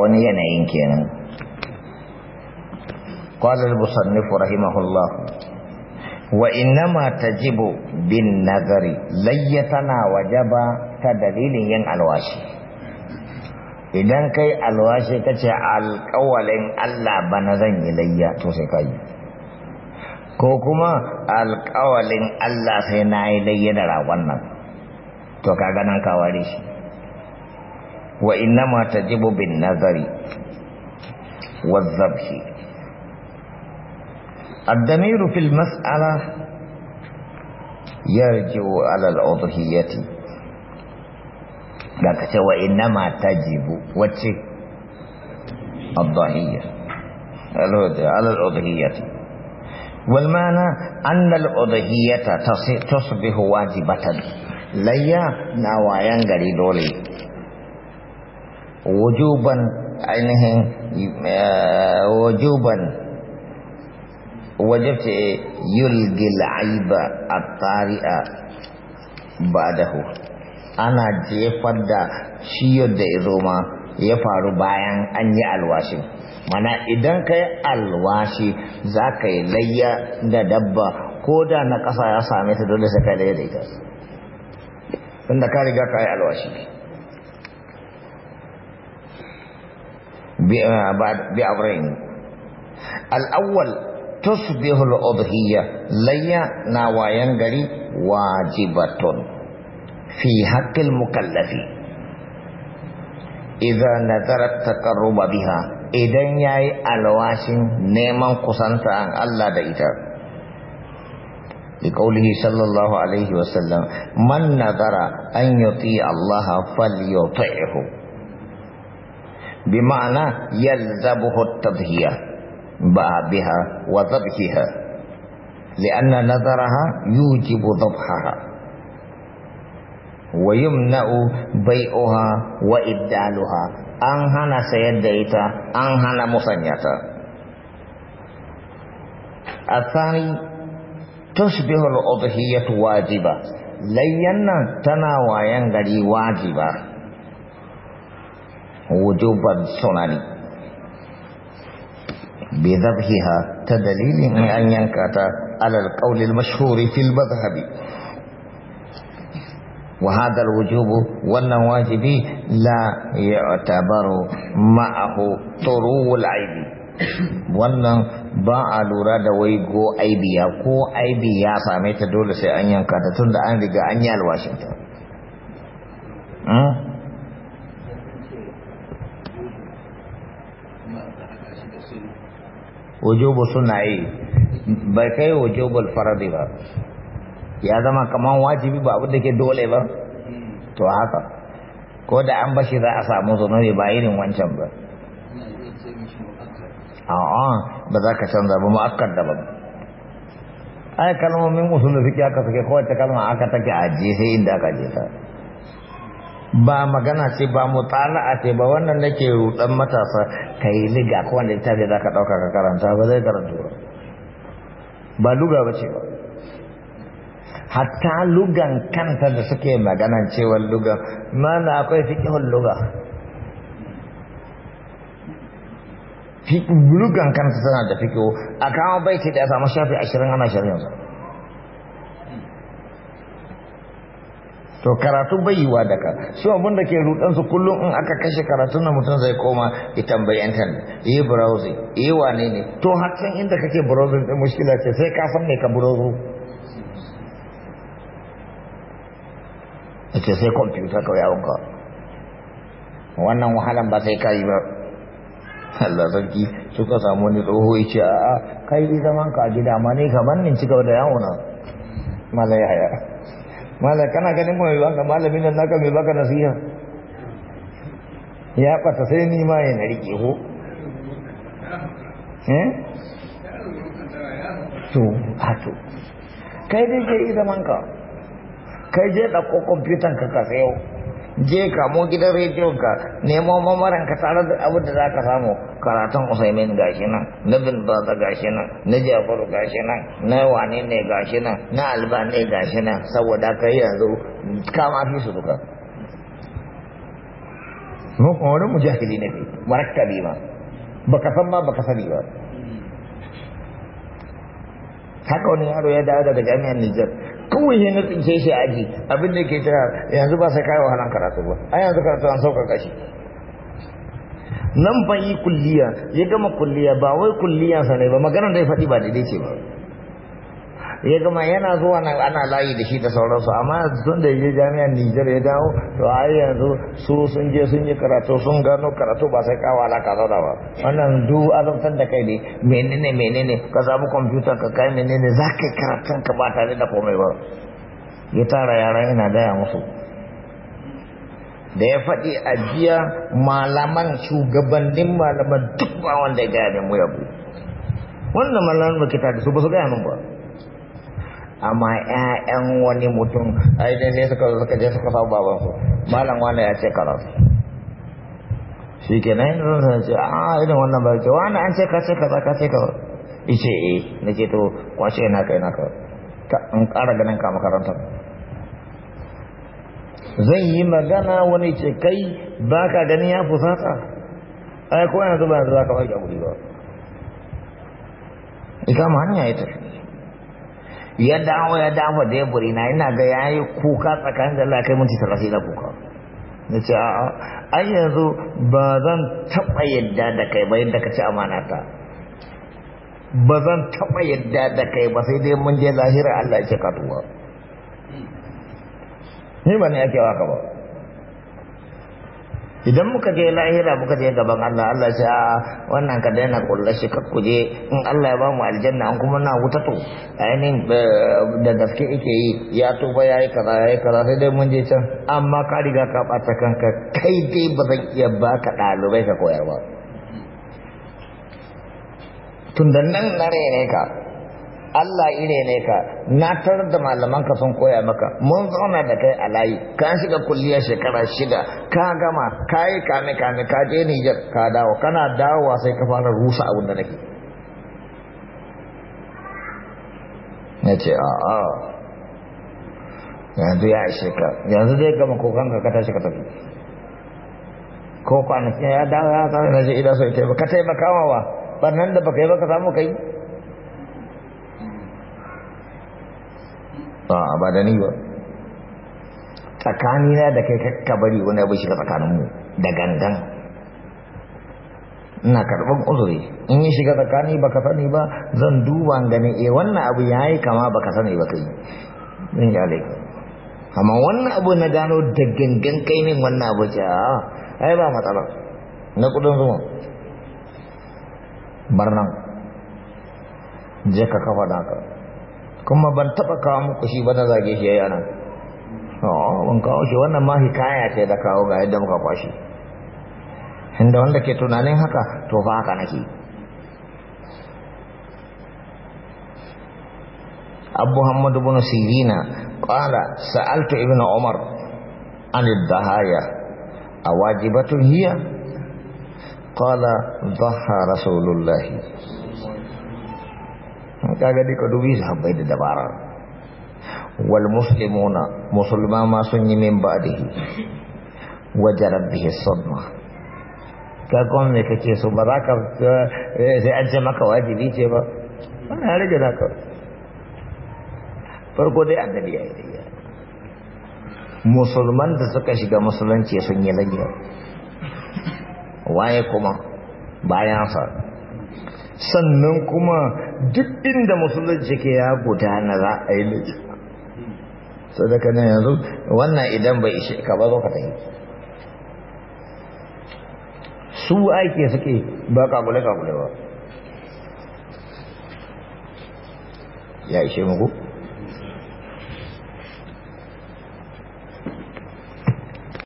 wani yanayin kenan qala al-musannif rahimahullah wa innama jibo bin nazari layya tana waje ba ta dalilin yin alwashi idan kai alwashi kace alƙawalin Allah bana zan yi layya to sai kai ko kuma alƙawalin Allah sai na yi layya da ragon nan to ka ganin kawari shi وإنما تجب بالنظر والذبح الضمير في المسألة يرجع على الأضحية لكن وإنما تجب وجه الضحية على الأضحية والمعنى أن الأضحية تصبح واجبة ليا نوايا غريدولي wujuban ainihin eh, wujuban ce yulgil aiba a tari'a ba dahu ana jefar da shiyo da izoma ya faru bayan an yi alwashi mana idan ka yi alwashi za ka yi layya da dabba ko da na ƙasa ya same ta dole sai ka layya da ita da ka riga ka yi alwashi بأمرين الأول تصبح الأضحية ليا نوايا غري واجبة في حق المكلف إذا نذرت تقرب بها idan yayi yi neman kusanta an Allah da ita liƙaulihi sallallahu alaihi wasallam man nazara an yuti Allah fal بمعنى يلزبه التضحية بها وذبحها لأن نظرها يوجب ذبحها ويمنع بيعها وإبدالها أنهن سيديتا أنهن مصنيتا الثاني تشبه الأضحية واجبة لين تناوى ينقلي واجبة wujuban sunani bi zabhiha ta dalilin in an yanka ta alal qaulil mashhuri fil madhhabi wa hadha wujubu wannan wajibi la ya'tabaru ma'ahu turuwul aibi wannan ba a lura da wai go aibiya ko aibi ya same ta dole sai an yanka ta tun da an riga an yi alwashinta wujubu suna yi bai kai wujubul faradi ba ya zama kaman wajibi ba abin ke dole ba to haka ko da an bashi za a samu zunubi ba irin wancan ba ba za ka canza ba mu'akkad da ba ai kalmomin musulun suke aka suke kowace kalma aka take ajiye sai da aka je ta ba magana ce ba mutala'a ce ba wannan nake rudan matasa ka yi liga ko wanda ita ce za ka ɗauka ka karanta ba zai karanta ba ba luga ba ce ba hatta lugan kanta da suke magana cewar lugan mana akwai fiƙihun luga lugan kanta tana da fiƙihu a kawo baiti da ya samu shafi ashirin ana shirin yanzu to karatu bai yi wa ka su abin da ke rudan su kullum in aka kashe karatu na mutum zai koma ya tambayi intan yi browsing yi wane ne to har san inda kake browsing din mushkila ce sai ka san me ka A ita sai kwamfuta kawai yawon ka wannan wahalan ba sai ka yi ba Allah sarki suka samu wani tsoho ya ce a'a kai zaman ka a gida ma ne ka bannin ci gaba da yawon na malayaya malam kana ganin mai baka malamin nan naka mai baka nasiha ya bata sai ni ma ya rike ho eh to ato kai dai kai zaman ka kai je da ko kwamfutan ka ka sayo je kamo gidan rediyon ka nemo mamaran ka tare da abin da zaka samu karatun Usaimin gashi nan na bin Baza gashi nan na Jafaru gashi nan na wane ne gashi nan na Albani gashi nan saboda yi yanzu kama fi su duka mu kuma wani mujahili ne kai bi ma baka san ma baka sani ba haka wani yaro ya dawo daga jami'ar Nijar kawai ya na tsince shi aji abin da ke tara yanzu ba sai kai wahalan karatu ba a yanzu karatu an sauka kashi nan bayi yi kulliya ya gama kulliya ba wai kulliya ne ba magana da ya faɗi ba daidai ce ba ya gama yana zuwa nan ana layi da shi da sauransu amma sun da yi jami'ar Nijar ya dawo to ai yanzu su sun je sun yi karatu sun gano karatu ba sai kawo alaka zauna ba wannan duk azabtar da kai ne menene menene ka samu kwamfuta ka kai menene za ka yi karatun ka ba tare da komai ba ya tara yara yana gaya musu da ya faɗi a jiya malaman shugabannin malaman duk ba wanda ya gaya ne mu yabo wannan malaman ba kita da su ba su gaya min ba amma ƴaƴan wani mutum a dai sai suka suka je suka fa baban su malam wani ya ce kaza shi ke nan yanzu sun ce a ah, idan wannan ba ce wani an ce ka ce za ka ce kaza ice eh na ce to kwashe na kai na ka an kara ganin ka makarantar zan yi magana wani ce kai ba ka gani ya fusata ai ko yanzu ba yanzu za ka ba ki guri ba ma hanya ya tafi ya dawo ya dafa da ya burina ina ga ya yi kuka tsakanin da Allah kai minti talatin na kuka na ce a'a ai yanzu ba zan taɓa yadda da kai ba yadda ka ci amana ta ba zan taɓa yadda da kai ba sai dai mun je lahira Allah ya ce ka tuwa ni ba ne ake waka ba idan muka je lahira muka je gaban Allah Allah sai a wannan ka daina kullu shi ka kuje in Allah ya ba mu aljanna an kuma na wuta to ainin eh, da gaske yake yi ya tuba yayi kaza yayi kaza sai dai mun je can amma ka riga ka bata kanka kai dai ba zan iya baka ɗalibai ka koyar ba tun da nan na rene ka Allah ire ne ka na tarar da malaman ka sun koya maka mun zauna da kai a layi ka shiga kulliya shekara shida ka gama ka yi kame kame ka je Nijar ka dawo kana dawowa sai ka fara rusa abin da nake na ce a a yanzu ya ishe ka yanzu zai gama kokan ka ka tashi ka tafi ko kwanaki ya dawo ya tsara na je ida so ita ba ka taimaka wa ba nan da baka yi ba ka samu kai a ba da ni ba tsakanina da kai kakka bari wani abu shiga tsakaninmu da gandan ina karɓar uzuri in yi shiga tsakani ba ka sani ba zan duba ganin e eh, wannan abu ya yi kama ba ka sani ba kai zan yi alaikun amma wannan abu na gano da gangan kai min wannan abu ce a ah, ai ba matsala na kudin zuwa barnan je ka kafa naka kuma ban taba kawo muku shi ba na zage shi yayi ban oh, kawo shi wannan ma hikaya ce da kawo ga yadda muka kwashi inda wanda ke tunanin haka to fa haka nake abu hamad ibn sirina qala sa'altu ibnu umar an ad-dahaya awajibatun hiya qala dhahara rasulullahi kaga dai kadubi dubi sahabbai da dabara wal muslimuna musulma ma sun yi min ba'dihi wa bihi sadma ka kuma me kake so ba za ka eh, sai an ce maka wajibi ce ba wannan ya rage naka farko dai annabi ya yi musulman da suka shiga musulunci sun yi lagiya waye kuma bayansa sannan kuma duk inda musulunci ke ya gudana za a yi laifi so da kanin yanzu wannan idan bai ishe ka ba zo ka ta yi su aiki suke ba kagule kagule ba ya ishe muku